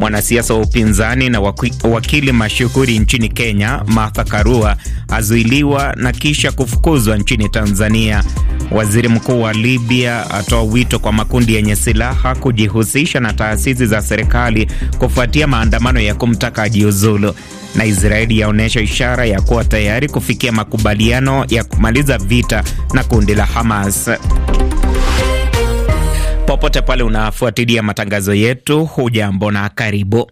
Mwanasiasa wa upinzani na wakili mashuhuri nchini Kenya, Martha Karua azuiliwa na kisha kufukuzwa nchini Tanzania. Waziri mkuu wa Libya atoa wito kwa makundi yenye silaha kujihusisha na taasisi za serikali kufuatia maandamano ya kumtaka ajiuzulu. Na Israeli yaonyesha ishara ya kuwa tayari kufikia makubaliano ya kumaliza vita na kundi la Hamas popote pale unafuatilia matangazo yetu, hujambo na karibu.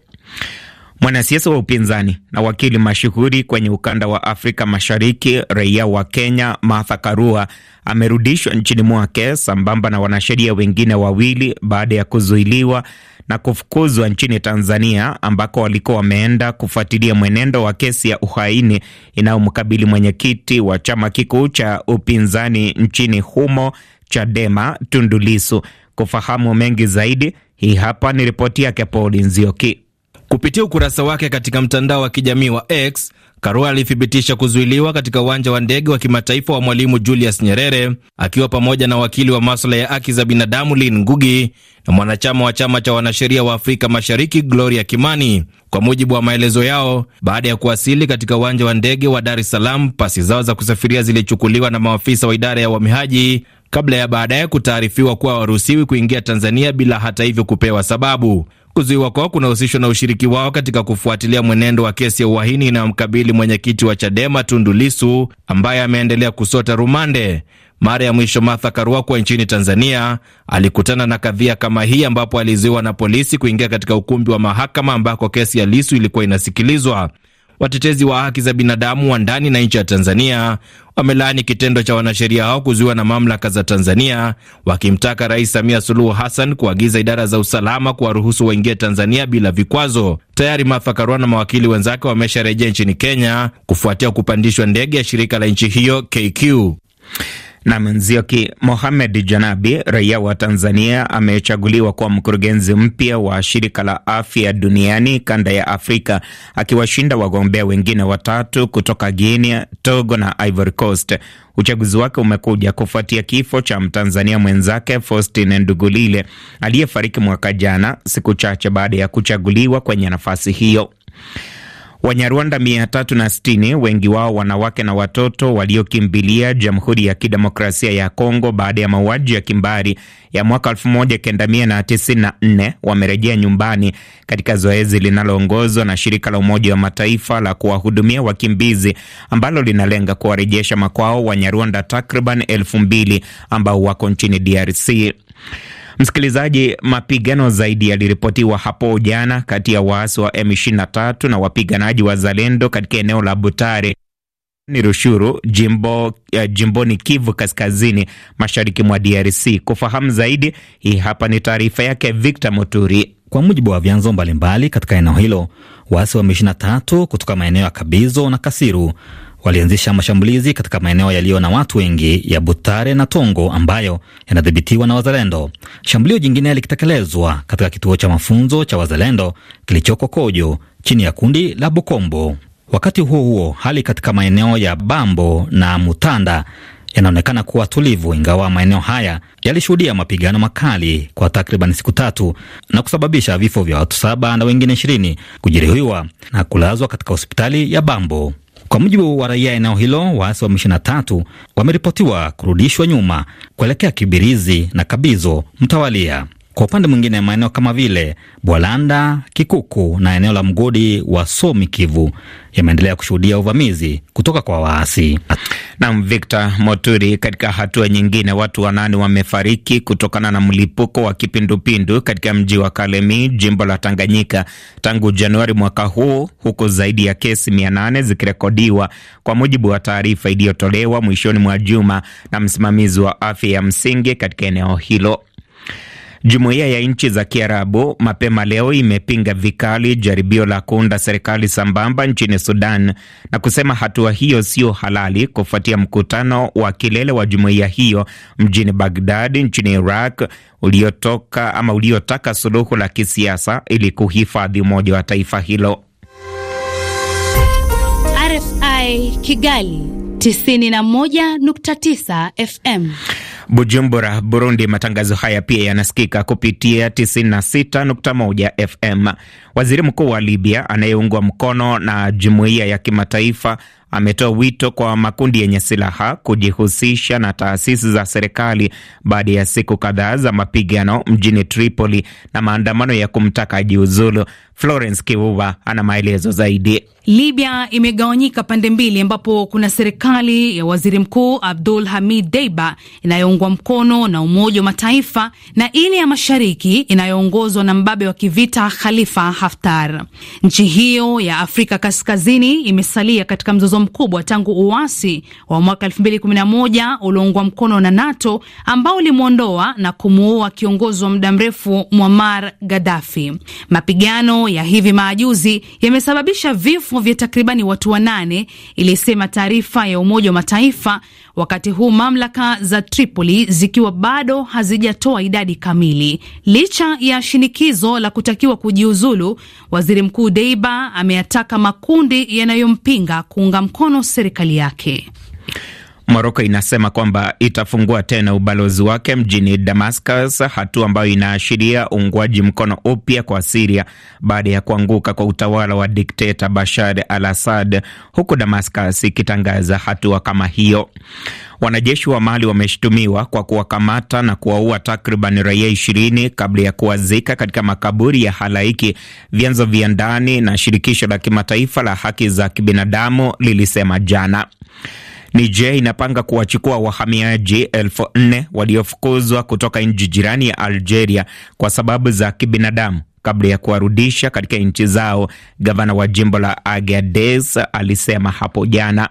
Mwanasiasa wa upinzani na wakili mashuhuri kwenye ukanda wa Afrika Mashariki, raia wa Kenya Martha Karua amerudishwa nchini mwake sambamba na wanasheria wengine wawili baada ya kuzuiliwa na kufukuzwa nchini Tanzania ambako walikuwa wameenda kufuatilia mwenendo wa kesi ya uhaini inayomkabili mwenyekiti wa chama kikuu cha upinzani nchini humo Chadema tundulisu Kufahamu mengi zaidi, hii hapa ni ripoti yake Paul Nzioki. Kupitia ukurasa wake katika mtandao wa kijamii wa X, Karua alithibitisha kuzuiliwa katika uwanja wa ndege wa kimataifa wa Mwalimu Julius Nyerere akiwa pamoja na wakili wa maswala ya haki za binadamu Lin Ngugi na mwanachama wa chama cha wanasheria wa Afrika Mashariki Gloria Kimani. Kwa mujibu wa maelezo yao, baada ya kuwasili katika uwanja wa ndege wa Dar es Salaam, pasi zao za kusafiria zilichukuliwa na maafisa wa idara ya uhamiaji kabla ya baadaye kutaarifiwa kuwa waruhusiwi kuingia Tanzania bila hata hivyo kupewa sababu. Kuzuiwa kwao kunahusishwa na ushiriki wao katika kufuatilia mwenendo wa kesi ya uhaini inayomkabili mwenyekiti wa Chadema Tundu Lisu ambaye ameendelea kusota rumande. Mara ya mwisho Martha Karua nchini Tanzania alikutana na kadhia kama hii, ambapo alizuiwa na polisi kuingia katika ukumbi wa mahakama ambako kesi ya Lisu ilikuwa inasikilizwa. Watetezi wa haki za binadamu wa ndani na nchi ya Tanzania wamelaani kitendo cha wanasheria hao kuzuiwa na mamlaka za Tanzania, wakimtaka Rais Samia Suluhu Hassan kuagiza idara za usalama kuwaruhusu waingie Tanzania bila vikwazo. Tayari Martha Karua na mawakili wenzake wamesharejea nchini Kenya kufuatia kupandishwa ndege ya shirika la nchi hiyo KQ. Na Mnzioki Mohamed Janabi, raia wa Tanzania, amechaguliwa kuwa mkurugenzi mpya wa shirika la afya duniani kanda ya Afrika, akiwashinda wagombea wengine watatu kutoka Guinea, Togo na Ivory Coast. Uchaguzi wake umekuja kufuatia kifo cha mtanzania mwenzake Faustin Ndugulile aliyefariki mwaka jana, siku chache baada ya kuchaguliwa kwenye nafasi hiyo. Wanyarwanda 360 wengi wao wanawake na watoto waliokimbilia Jamhuri ya Kidemokrasia ya Kongo baada ya mauaji ya kimbari ya mwaka 1994 wamerejea nyumbani katika zoezi linaloongozwa na shirika la Umoja wa Mataifa la kuwahudumia wakimbizi ambalo linalenga kuwarejesha makwao Wanyarwanda takriban elfu mbili ambao wako nchini DRC. Msikilizaji, mapigano zaidi yaliripotiwa hapo jana kati ya waasi wa M23 na wapiganaji wa Zalendo katika eneo la Butare ni Rushuru jimbo, uh, jimboni Kivu Kaskazini, mashariki mwa DRC. Kufahamu zaidi, hii hapa ni taarifa yake Victor Moturi. Kwa mujibu wa vyanzo mbalimbali katika eneo hilo, waasi wa M23 kutoka maeneo ya Kabizo na Kasiru walianzisha mashambulizi katika maeneo yaliyo na watu wengi ya Butare na Tongo ambayo yanadhibitiwa na Wazalendo. Shambulio jingine likitekelezwa katika kituo cha mafunzo cha Wazalendo kilichoko Kojo chini ya kundi la Bukombo. Wakati huo huo, hali katika maeneo ya Bambo na Mutanda yanaonekana kuwa tulivu, ingawa maeneo haya yalishuhudia mapigano makali kwa takriban siku tatu na kusababisha vifo vya watu saba na wengine ishirini kujeruhiwa na kulazwa katika hospitali ya Bambo. Kwa mujibu wa raia eneo hilo, waasi wa M23 wameripotiwa kurudishwa nyuma kuelekea Kibirizi na Kabizo mtawalia. Kwa upande mwingine, maeneo kama vile Bwalanda, Kikuku na eneo la mgodi wa Somi Kivu yameendelea kushuhudia uvamizi kutoka kwa waasi. Na Victor Moturi, katika hatua nyingine, watu wanane wamefariki kutokana na mlipuko wa kipindupindu katika mji wa Kalemi, jimbo la Tanganyika tangu Januari mwaka huu, huku zaidi ya kesi mia nane zikirekodiwa kwa mujibu wa taarifa iliyotolewa mwishoni mwa juma na msimamizi wa afya ya msingi katika eneo hilo. Jumuiya ya nchi za Kiarabu mapema leo imepinga vikali jaribio la kuunda serikali sambamba nchini Sudan na kusema hatua hiyo sio halali kufuatia mkutano wa kilele wa jumuiya hiyo mjini Bagdad nchini Iraq uliotoka ama uliotaka suluhu la kisiasa ili kuhifadhi umoja wa taifa hilo. RFI Kigali 91.9 FM Bujumbura, Burundi. Matangazo haya pia yanasikika kupitia 96.1 FM. Waziri mkuu wa Libya anayeungwa mkono na jumuiya ya kimataifa ametoa wito kwa makundi yenye silaha kujihusisha na taasisi za serikali baada ya siku kadhaa za mapigano mjini Tripoli na maandamano ya kumtaka jiuzulu. Florence Kivuva ana maelezo zaidi. Libya imegawanyika pande mbili, ambapo kuna serikali ya waziri mkuu Abdul Hamid Deiba inayoungwa mkono na Umoja wa Mataifa na ile ya mashariki inayoongozwa na mbabe wa kivita Khalifa Haftar. Nchi hiyo ya Afrika Kaskazini imesalia katika mzozo mkubwa tangu uasi wa mwaka 2011 ulioungwa mkono na NATO ambao ulimwondoa na kumuua kiongozi wa muda mrefu Muammar Gaddafi. Mapigano ya hivi majuzi yamesababisha vifo vya takribani watu wanane, ilisema taarifa ya Umoja wa Mataifa, wakati huu mamlaka za Tripoli zikiwa bado hazijatoa idadi kamili licha ya shinikizo la kutakiwa kujiuzulu waziri mkuu Deiba ameyataka makundi yanayompinga kuunga mkono serikali yake. Moroko inasema kwamba itafungua tena ubalozi wake mjini Damascus, hatua ambayo inaashiria uungwaji mkono upya kwa Siria baada ya kuanguka kwa utawala wa dikteta Bashar al Assad, huku Damascus ikitangaza hatua kama hiyo. Wanajeshi wa Mali wameshutumiwa kwa kuwakamata na kuwaua takriban raia ishirini kabla ya kuwazika katika makaburi ya halaiki, vyanzo vya ndani na shirikisho la kimataifa la haki za kibinadamu lilisema jana. Niger inapanga kuwachukua wahamiaji elfu nne waliofukuzwa kutoka nchi jirani ya Algeria kwa sababu za kibinadamu kabla ya kuwarudisha katika nchi zao. Gavana wa jimbo la agades alisema hapo jana.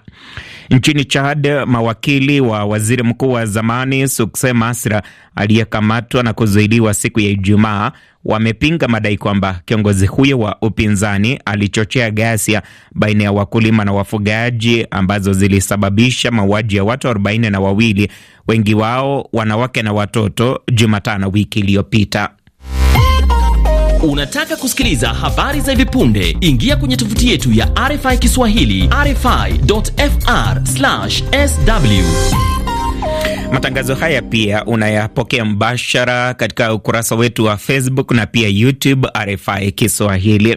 Nchini Chad, mawakili wa waziri mkuu wa zamani sukse Masra aliyekamatwa na kuzuiliwa siku ya Ijumaa wamepinga madai kwamba kiongozi huyo wa upinzani alichochea ghasia baina ya wakulima na wafugaji ambazo zilisababisha mauaji ya watu arobaini na wawili, wengi wao wanawake na watoto, Jumatano wiki iliyopita. Unataka kusikiliza habari za hivi punde? Ingia kwenye tovuti yetu ya RFI Kiswahili, rfi.fr/sw. Matangazo haya pia unayapokea mbashara katika ukurasa wetu wa Facebook na pia YouTube RFI Kiswahili.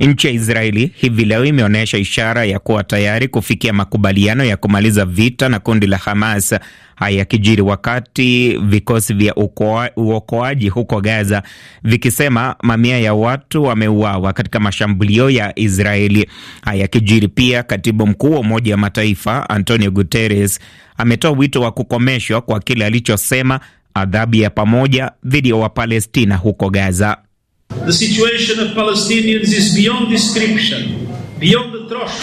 Nchi ya Israeli hivi leo imeonyesha ishara ya kuwa tayari kufikia makubaliano ya kumaliza vita na kundi la Hamas Haya yakijiri wakati vikosi vya uokoaji huko Gaza vikisema mamia ya watu wameuawa katika mashambulio ya Israeli. Haya yakijiri pia, katibu mkuu wa Umoja wa Mataifa Antonio Guterres ametoa wito wa kukomeshwa kwa kile alichosema adhabu ya pamoja dhidi ya Wapalestina huko Gaza. The situation of Palestinians is beyond description.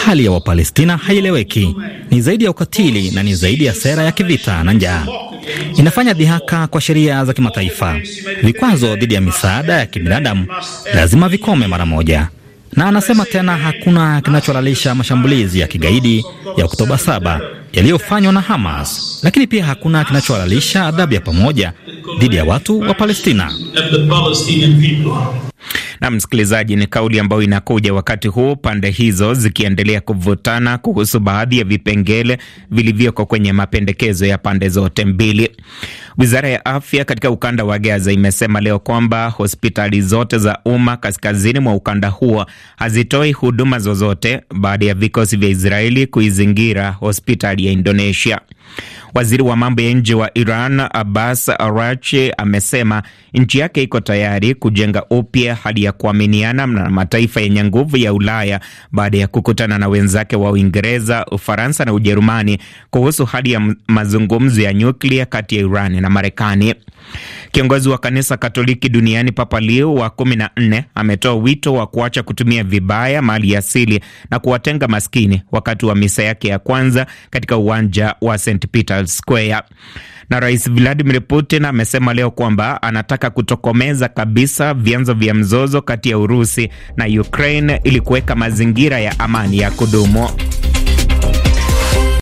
Hali ya Wapalestina haieleweki, ni zaidi ya ukatili na ni zaidi ya sera ya kivita na njaa. Inafanya dhihaka kwa sheria za kimataifa. Vikwazo dhidi ya misaada ya kibinadamu lazima vikome mara moja. Na anasema tena, hakuna kinachohalalisha mashambulizi ya kigaidi ya Oktoba saba yaliyofanywa na Hamas, lakini pia hakuna kinachohalalisha adhabu ya pamoja dhidi ya watu wa Palestina. Na msikilizaji, ni kauli ambayo inakuja wakati huu pande hizo zikiendelea kuvutana kuhusu baadhi ya vipengele vilivyoko kwenye mapendekezo ya pande zote mbili. Wizara ya afya katika ukanda wa Gaza imesema leo kwamba hospitali zote za umma kaskazini mwa ukanda huo hazitoi huduma zozote baada ya vikosi vya Israeli kuizingira hospitali ya Indonesia. Waziri wa mambo ya nje wa Iran Abbas Arachi amesema nchi yake iko tayari kujenga upya hali ya kuaminiana na mataifa yenye nguvu ya Ulaya baada ya kukutana na wenzake wa Uingereza, Ufaransa na Ujerumani kuhusu hali ya mazungumzo ya nyuklia kati ya Iran na Marekani. Kiongozi wa kanisa Katoliki duniani Papa Leo wa kumi na nne ametoa wito wa kuacha kutumia vibaya mali asili na kuwatenga maskini wakati wa misa yake ya kwanza katika uwanja wa St Peter's Square. Na Rais Vladimir Putin amesema leo kwamba anataka kutokomeza kabisa vyanzo vya mzozo kati ya Urusi na Ukraine ili kuweka mazingira ya amani ya kudumu.